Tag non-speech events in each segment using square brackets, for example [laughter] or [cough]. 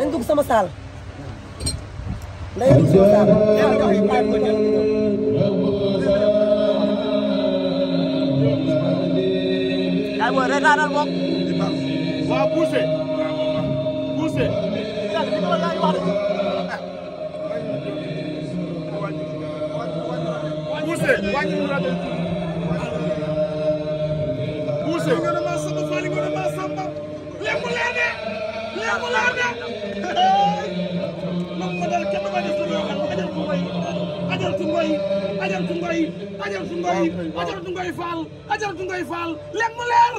dañ dugg sama saal ndeyam suuf saa ba yàlla jox yi bàyyi ko jël yaay booy reetaanal moom waaw poussé poussé yàlla di ko yaay wax poussé poussé poussé ajaratu ngoy ajaratu ngoy faal ajaratu ngoy faal léegi mu leer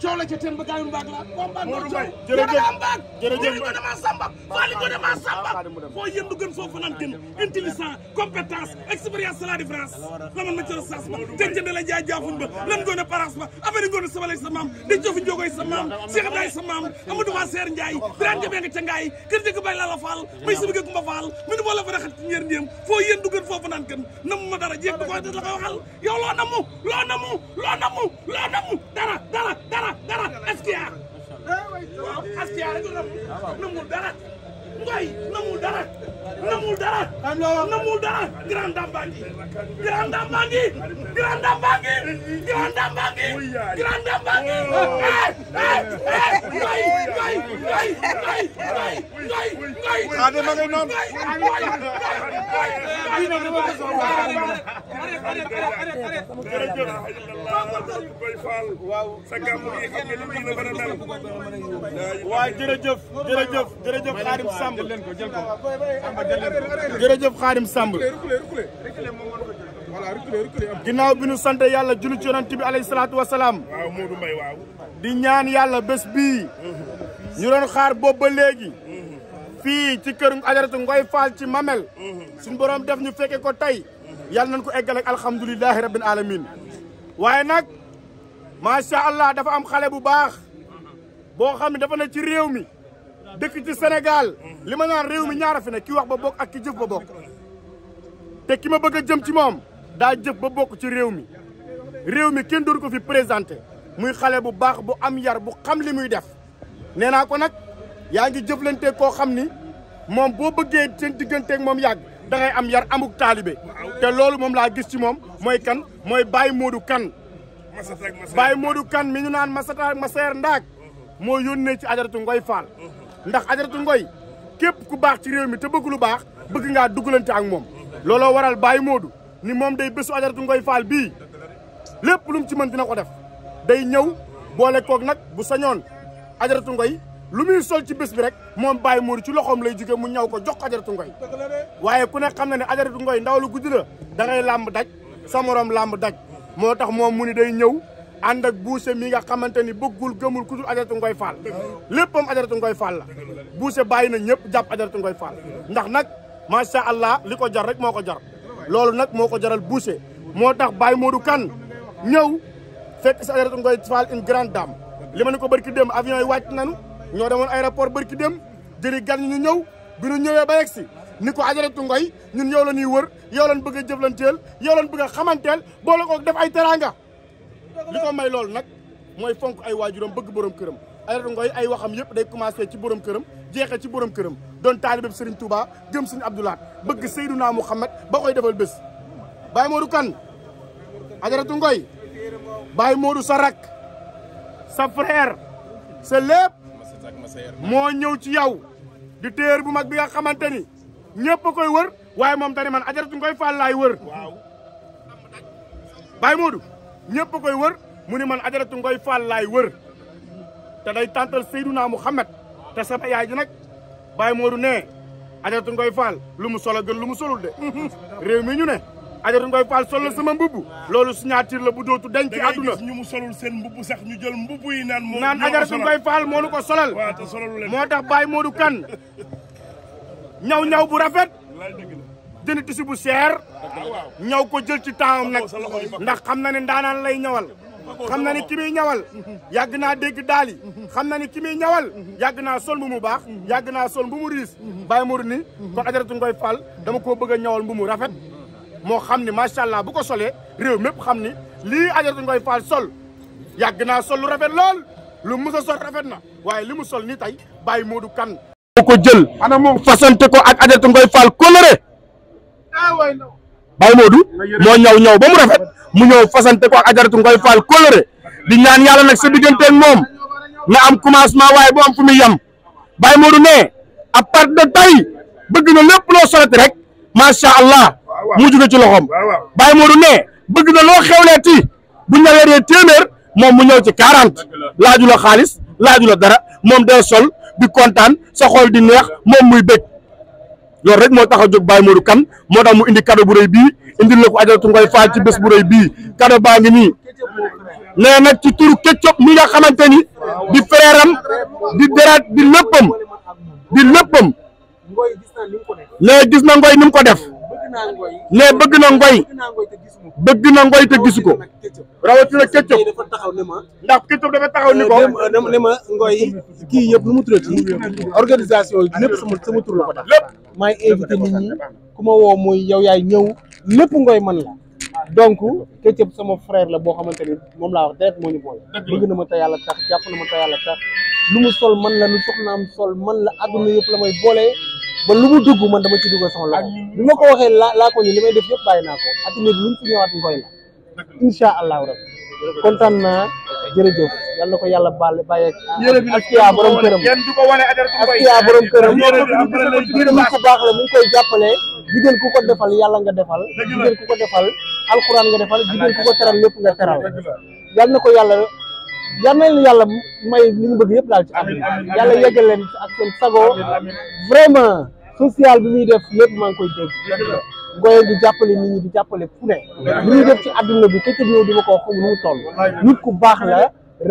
coow la ca teen ba gaayun mbaag la ko mbaag moo coow jërëjëf mbaag jërëjëf ko dama samba faali ko dama samba foo yëndu gën foo fanaan gën intelligent compétence expérience c'est la différence laman ma coro sas ba jëncënde la jaay jaafun ba lan goon a parence ba affaire yi goon a sabalay sa maam de jofi jogoy sa maam Cheikh Abdoulaye sa maam Amadou Wa Seer Ndiaye biran jamee nga ca ngaay kër jëkk bay lala faal may si bëgg Kumba Faal mi nu boola fa raxat ci ñeer ndéem foo yëndu gën foo fanaan gën namu ma dara jéeg du ko la koy waxal yow loo namu loo namu loo namu loo namu dara dara dara namul dara Ngoy namul dara namul dara. namul dara Grand Dame Bandit. Grand Dame Bandit. Grand Dame Bandit. Grand Dame Bandit. Grand Dame Bandit. Ngoy ngoy ngoy ngoy ngoy ngoy ngoy. Ade ma ngay noon. waaw jërëjëf jërëjëf jërëjëf Karim Samb jël ko jël ko jërëjëf Xaadim Samb ginnaaw bi nu sant yàlla julli ci yonent bi alayhi salaatu wa di ñaan yàlla bés bii ñu doon xaar boobu ba léegi fii ci kër ajaratu Ngoy Faal ci Mamel suñu borom def ñu fekke ko tey yàlla nañ ko eggal ak alhamdulilahi rabbil alamin waaye nag macha allah dafa am xale bu baax boo xam ne dafa ne ci réew mi dëkk ci senegal li ma naan réew mi ñaara fi ne ki wax ba bokk ak ki jëf ba bokk te ki ma bëgg a jëm ci moom daa jëf ba bokk ci réew mi réew mi kenn doon ko fi présenté muy xale bu baax bu am yar bu xam li muy def nee naa ko nag yaa ngi jëflante koo xam ni moom boo bëggee seen digganteek moom yàgg da ngay am yar amuk taalibe te loolu moom laa gis ci moom mooy kan mooy Baye Modou Kane Baye Modou Kane mi ñu naan Masata ma Maseer Ndaak moo yónnee ci ajaratu Ngoy Fall ndax ajaratu ngoy képp ku baax ci réew mi te bëgg lu baax bëgg ngaa duggalante ak moom looloo waral Baye moodu ni moom day bésu ajaratu ngoy faal bii lépp lu mu ci mën dina ko def day ñëw boole koog nag bu sañoon ajaratu ngoy lu muy sol ci bés bi rek moom Baye Modou ci loxoom lay jóge mu ñaw ko jox ajaratu ngoy waaye ku ne xam na ne ajaratu ngoy ndaw lu guddi la da ngay làmb daj sa làmb daj moo tax moom mu ni day ñëw ànd ak buuse mi nga xamante ni bëggul gëmul ku dul ajaratu ngoy faal léppam ajaratu ngoy faal la buuse bàyyi na ñëpp jàpp ajaratu ngoy faal ndax nag macha allah li ko jar rek moo ko jar loolu nag moo ko jaral buuse moo tax moo du kan ñëw fekk si ajaratu ngoy faal une grande dame li ma ne ko bërki dem avion yi wàcc nanu ñoo demoon aéroport bërki dem jëri gan ñu ñëw bi ñu ñëwee ba yegsi ni ko ajaratu ngoy ñun yow la ñuy wër yow lañ bëgg a jëflanteel yow lañ bëgg a xamanteel boole ko def ay teraanga li ko may loolu nag mooy fonk ay waajuram bëgg borom këram Aïssatou Ngoye ay waxam yëpp day commencé ci borom këram jeexee ci borom këram doon taalibeb Serigne Touba gëm Serigne Abdou Lahad bëgg Seydouna Mouhamed ba koy defal bés Baye Modou Kane Aïssatou Ngoye Baye Modou sa rak sa frère sa lépp moo ñëw ci yow di téer bu mag bi nga xamante ni ñëpp koy wër waaye moom tani man Aïssatou Ngoye Fall laay wër Baye Modou ñëpp koy wër mu ni man ajaratu ngoy faal laay wër te day tàntal Seydunaa Muhammad te sama yaay ji nag Baye Modou nee ajaratu ngoy faal lu mu solo gën lu mu solul de [laughs] réew mi ñu ne ajaratu ngoy faal sol la sama mbubb ah. loolu signature la bu dootu denc ci àdduna ñu mu solul seen mbubb sax ñu jël mbubb yi naan moo naan ajaratu ngoy faal moo nu ko solal moo tax Baye Modou kan [laughs] ñaw ñaw bu rafet jënd tissu bu seer ñaw ko jël ci temps am nag ndax xam na ne ndaanaan lay ñawal xam na ne ki ñawal yàgg naa dégg daal yi xam na ni ki muy ñawal yàgg naa sol bu mu baax yàgg naa sol bu mu riis bàyyi mu ni kon ajaratu ngoy fall dama koo bëgg a ñawal bu mu rafet moo xam ni macha allah bu ko solee réew mépp xam ni lii ajaratu ngoy fall sol yàgg naa sol lu rafet lool lu mës a sol rafet na waaye li mu sol nii tey bàyyi moodu kan moo ko jël fasante ko ak ajaratu ngoy fall coloré Baye Modou moo ñaw ñaw ba mu rafet mu ñëw fasante ko ak ajaratu ngoy faal coloré di ñaan yàlla nag sa digganteeg moom na am commencement waaye bu am fu muy yem Baye Modou ne à partir de tey bëgg na lépp loo solati rek macha allah mu jóge ci loxoom Baye Modou ne bëgg na loo xewleeti bu ñaweeree téeméer moom mu ñëw ci quarante laaju la xaalis laaju la dara moom day sol di kontaan sa xool di neex moom muy bëgg loolu rek moo tax a jóg Baye Modou Kane moo tax mu indi cadeau bu bii indi la ko ajalatu ngoy faa ci bés bu rëy bii cadeau baa ngi nii nee nag ci turu Ketchup mi nga xamante ni di frère am di deraat di léppam di léppam nee gis na ngoy ni mu ko def ne bëgg na ngoy bëgg na ngoy te gisu ko rawatina Ketchup ndax Ketchup dafa taxaw ni ko ne eh, ma ngoy kii yëpp lu mu tuddati organisation yi lépp sama sama tur la ko tax maay invité nit ñi ku ma woo mooy yow yaay ñëw lépp ngoy man la donc Ketchup sama frère la boo xamante ni moom laa wax deret moo ñu boole bëgg na ma te yàlla tax jàpp na ma te yàlla tax lu mu sol man la lu soxnaam sol man la àdduna yëpp la may boolee ba lu mu dugg man dama ci duggal sama loxo bi ma ko waxee laa laa ko ni li may def yëpp bàyyi naa ko at mi lu mu fi ñëwaat ngoy la incha allahu rabbi kontaan naa jërëjëf yal na ko yàlla baal bàyyi ak kiyaa borom këram ak kiyaa borom këram mu ko baax la mu ngi koy jàppale jigéen ku ko defal yàlla nga defal jigéen ku ko defal alxuraan nga defal jigéen ku ko teral lépp nga teral yal na ko yàlla yal yàlla may li ñu bëgg yëpp daal ci am yàlla yeggal ak seen sago vraiment social bi muy def lépp maa ngi koy dégg Ngoye di jàppale def ci àdduna bi këccëg ñëw di ma ko xam nu mu toll nit ku baax la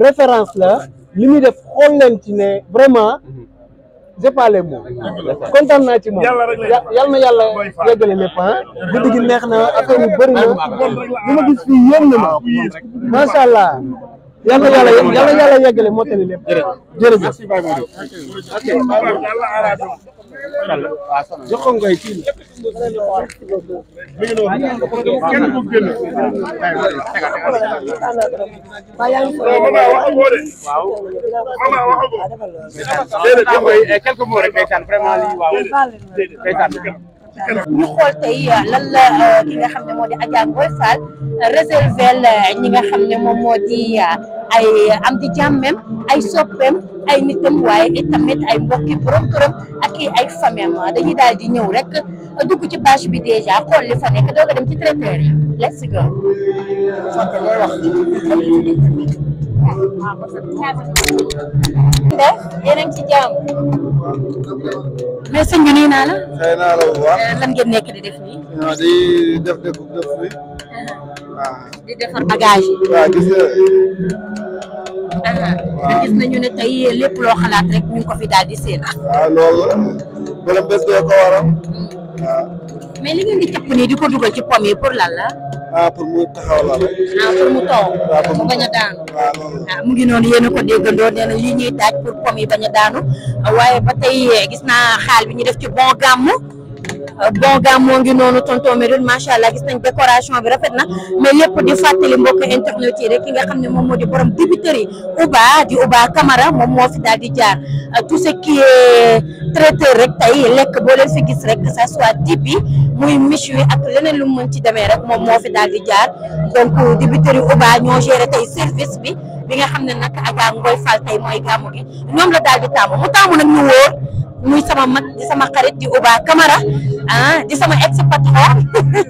référence la li muy def xool leen ci ne vraiment j'ai pas les mots kontaan naa ci moom yal na yàlla yeggale lépp ah. guddi gi neex na affaire yu bëri na gis fii ah, allah yàlla yàlla yàlla yàlla yeggale moo tali lépp jërëjëf joxoon ñu xool tey euh, lan la euh, ki nga xam ne moo di Adja Ngoye Fall euh, réservel ñi nga xam ne moom moo di ay am di jàmmem ay soppeem ay nitam waaye itamit ay mbokki borom këram ak i ay famem dañuy daal ñëw rek dugg ci bâche bi dèjà xool li fa nekk doog a dem ci traiteur yéen a ngi ci jàmm. mais sëñ bi nuyu naa la. xëy naa la bu baax lan ngeen nekk di def nii. non di def def def fii. waaw di defar bagage yi. waaw gis nga. waaw gis nañu ne tey lépp loo xalaat rek ñu ko fi daal di seen. waaw loolu la. wala bés bee ko waral. waaw. mais li ngeen di capp nii di ko dugal ci pom yi pour lan la. ah pour mu taxaw la. Ah, pour mu taw. Ah, mu bañ daanu. waaw ah, mu ngi noonu yéen a ko déggandoo nee na lii ñuy daaj pour pomme yi bañ a daanu waaye ba tey eh, gis naa xaal bi ñu def ci bon gàmm. bon gàmmu moo ngi noonu tonton Medoune macha allah gis nañ décoration bi rafet na mais lépp di fàttali mbokk internet yi rek ki nga xam ne moom moo di borom dibiteri Uba di Uba Camara moom moo fi daal di jaar euh, tout ce qui est traiteur rek tey lekk boo leen gis rek que ça soit dibi muy méchoui ak leneen lu mën ci demee rek moom moo fi daal di jaar donc dibiteri Uba ñoo géré tey service bi. bi nga xam ne nag Adja Ngoye Fall tey mooy gàmmu gi ñoom la daal di taamu mu taamu nag ñu wóor muy sama mag sama xarit di Uba Camara ah, di sama ex patron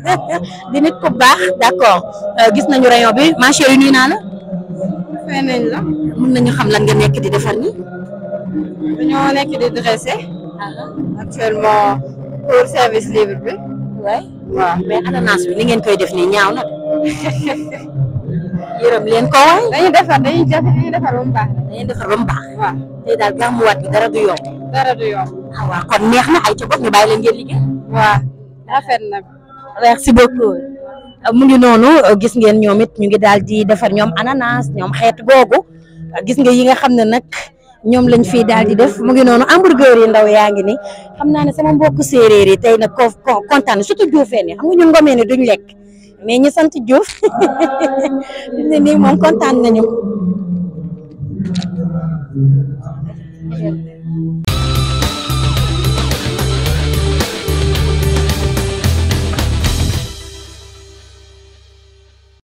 [laughs] di nit ku baax d'accord euh, gis nañu rayon bi ma chérie nuyu naa la. fay nañu xam lan nga nekk di defar ni dañoo nekk di dressé. actuellement pour service libre bi. waay waaw mais ananas bi ni ngeen koy def nii ñaaw na. [laughs] yërëm leen ko waay. dañuy defar ba mu baax. defar ba mu baax. daal gàmmuwaat bi dara dara du yomb. Ah, kon neex na ay cobot ñu bàyyi leen ngeen liggéey. waaw rafet na. merci beaucoup. Ah, mu ngi noonu gis ngeen ñoom it ñu ngi daal di defar ñoom ananas ñoom xeet googu gis nga yi nga xam ne nag. ñoom lañ fii daal di def mu ngi noonu hamburger yi ndaw yaa ngi ni xam naa ne sama mbokku séeréer yi tey nag ko kontaan surtout Dioufène yi xam nga ñun ngomee ne duñ lekk mais ñu sant Diouf ne nii moom kontaan nañu